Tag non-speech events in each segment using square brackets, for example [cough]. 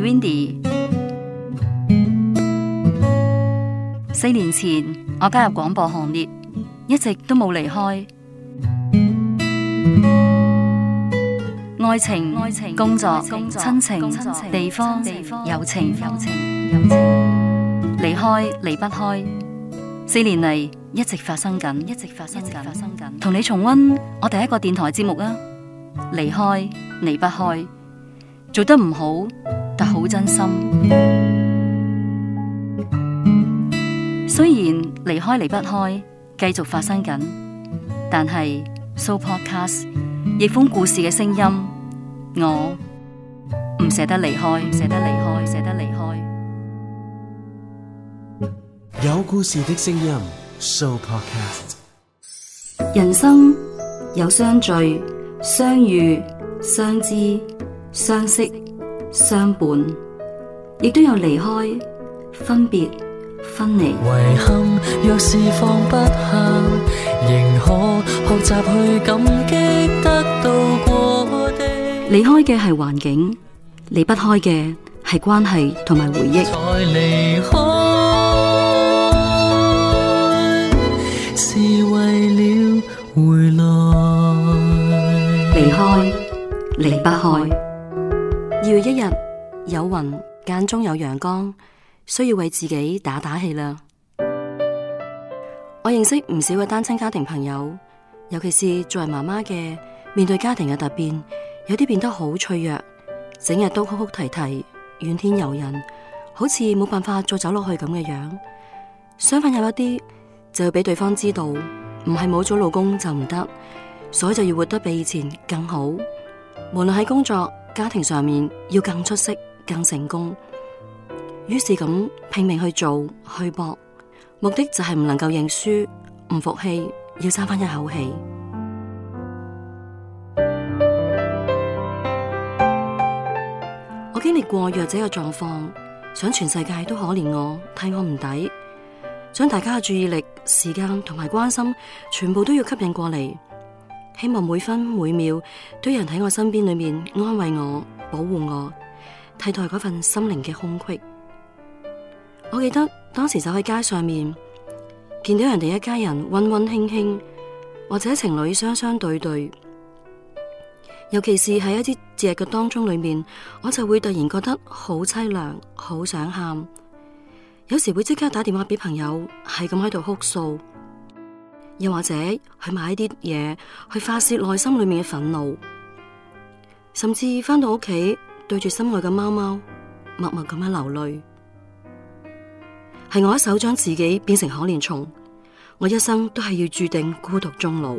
Windy，四年前我加入廣播行列，一直都冇離開。愛情、工作、親情、地方、友情，離開離不開。四年嚟，一直發生緊，一直發生緊，同你重温我第一個電台節目啊！離開離不開，做得唔好。好真心，雖然離開離不開，繼續發生緊，但係 Show Podcast 逆風故事嘅聲音，我唔捨得離開，捨得離開，捨得離開。有故事的聲音，Show Podcast。人生有相聚、相遇、相知、相識。相伴，亦都有離開、分別、分離。遺憾，若是放不下，仍可學習去感激得到過的。離開嘅係環境，離不開嘅係關係同埋回憶。再離開，是為了回來。離開，離不開。如一日有雲間中有陽光，需要為自己打打氣啦。我認識唔少嘅單親家庭朋友，尤其是作為媽媽嘅，面對家庭嘅突變，有啲變得好脆弱，整日都哭哭啼啼、怨天尤人，好似冇辦法再走落去咁嘅樣。相反，有一啲就要俾對方知道，唔係冇咗老公就唔得，所以就要活得比以前更好。無論喺工作、家庭上面要更出色、更成功，於是咁拼命去做、去搏，目的就係唔能夠認輸、唔服氣，要爭翻一口氣。 [music] 我經歷過弱者嘅狀況，想全世界都可憐我、替我唔抵，想大家嘅注意力、時間同埋關心，全部都要吸引過嚟。希望每分每秒都有人喺我身邊裏面安慰我、保護我、替代嗰份心靈嘅空隙。我記得當時走喺街上面，見到人哋一家人溫溫馨馨，或者情侶雙雙對對，尤其是喺一啲節日嘅當中裏面，我就會突然覺得好淒涼，好想喊，有時會即刻打電話俾朋友，係咁喺度哭訴。又或者去買啲嘢，去發洩內心裏面嘅憤怒，甚至返到屋企對住心愛嘅貓貓默默咁樣流淚，係我一手將自己變成可憐蟲，我一生都係要注定孤獨終老。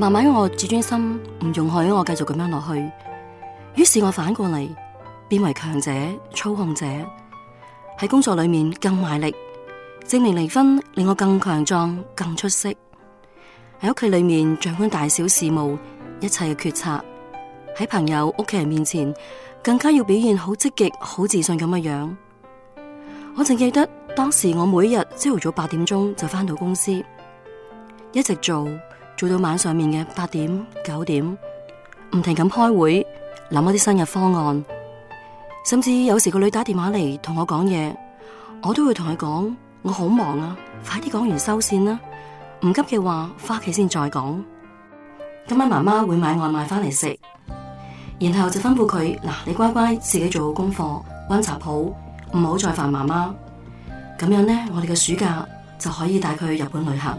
慢慢，我自尊心唔容許我繼續咁樣落去，於是我反過嚟，變為強者、操控者。喺工作裏面更賣力，證明離婚令我更強壯、更出色。喺屋企裏面掌管大小事務，一切嘅決策。喺朋友、屋企人面前，更加要表現好積極、好自信咁嘅樣。我淨記得當時我每日朝頭早八點鐘就返到公司，一直做。做到晚上面嘅八點九點，唔停咁開會，諗一啲新嘅方案，甚至有時個女打電話嚟同我講嘢，我都會同佢講，我好忙啊，快啲講完收線啦，唔急嘅話翻屋企先再講。今晚媽媽會買外賣翻嚟食，然後就吩咐佢，嗱，你乖乖自己做好功課，溫習好，唔好再煩媽媽。咁樣呢，我哋嘅暑假就可以帶佢去日本旅行。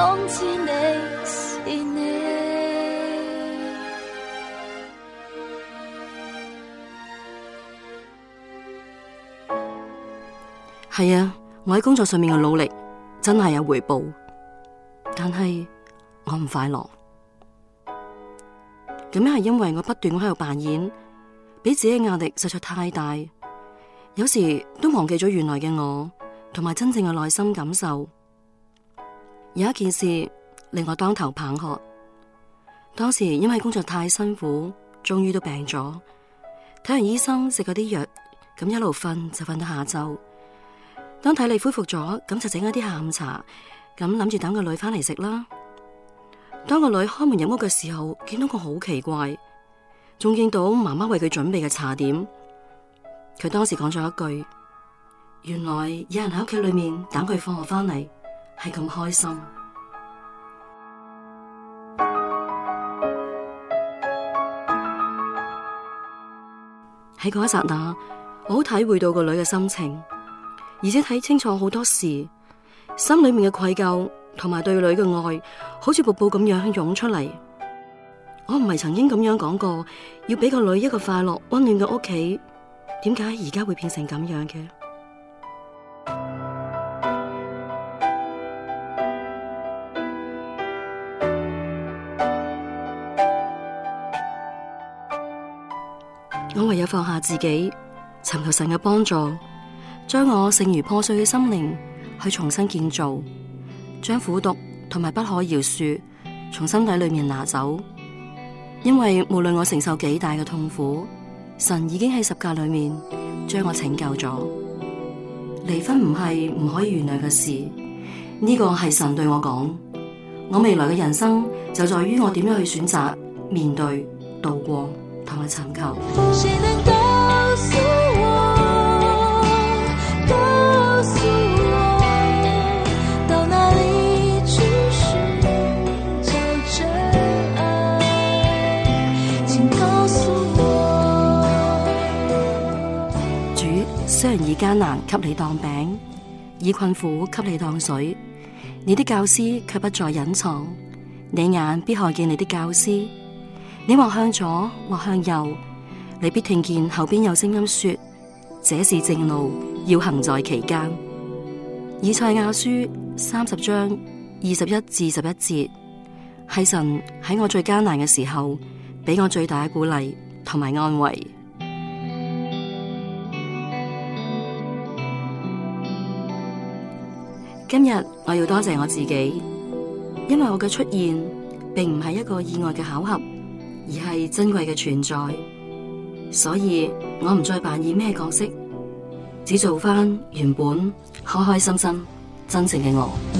總之你是你係啊，我喺工作上面嘅努力真係有回報，但係我唔快樂。咁樣係因為我不斷喺度扮演，俾自己嘅壓力實在太大，有時都忘記咗原來嘅我同埋真正嘅內心感受。有一件事令我當頭棒喝。當時因為工作太辛苦，終於都病咗。睇完醫生，食咗啲藥，咁一路瞓就瞓到下晝。當體力恢復咗，咁就整一啲下午茶，咁諗住等個女翻嚟食啦。當個女開門入屋嘅時候，見到佢好奇怪，仲見到媽媽為佢準備嘅茶點。佢當時講咗一句：原來有人喺屋企裏面等佢放學翻嚟。係咁開心，喺嗰一剎那，我好體會到個女嘅心情，而且睇清楚好多事，心裏面嘅愧疚同埋對女嘅愛，好似瀑布咁樣湧出嚟。我唔係曾經咁樣講過，要俾個女一個快樂溫暖嘅屋企，點解而家會變成咁樣嘅？放下自己，尋求神嘅幫助，將我剩餘破碎嘅心靈去重新建造，將苦毒同埋不可饒恕從心底裏面拿走。因為無論我承受幾大嘅痛苦，神已經喺十架裏面將我拯救咗。離婚唔係唔可以原諒嘅事，呢、這個係神對我講。我未來嘅人生就在於我點樣去選擇面對度過。同我尋求。誰能告訴我，告訴我，到哪裏去尋找真愛？請告訴我。主，雖然以艱難給你當餅，以困苦給你當水，你的教師卻不再隱藏，你眼必看見你的教師。你或向左，或向右，你必聽見後邊有聲音說：這是正路，要行在其間。以賽亞書三十章二十一至十一節，係神喺我最艱難嘅時候，俾我最大嘅鼓勵同埋安慰。今日我要多謝我自己，因為我嘅出現，並唔係一個意外嘅巧合。而係珍貴嘅存在，所以我唔再扮演咩角色，只做返原本開開心心、真誠嘅我。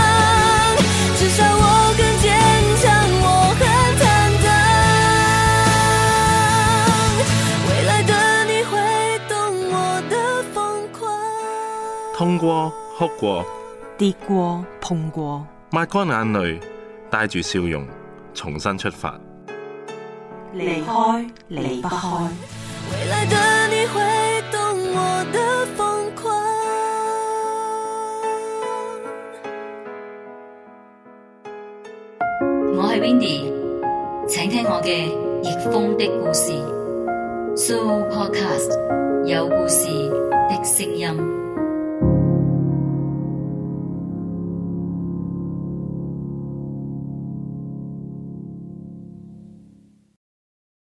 痛過，哭過，跌過，碰過，抹乾眼淚，帶住笑容，重新出發。離開，離不開。未來的你會懂我的瘋狂。我係 Windy，請聽我嘅逆風的故事。Supercast 有故事的聲音。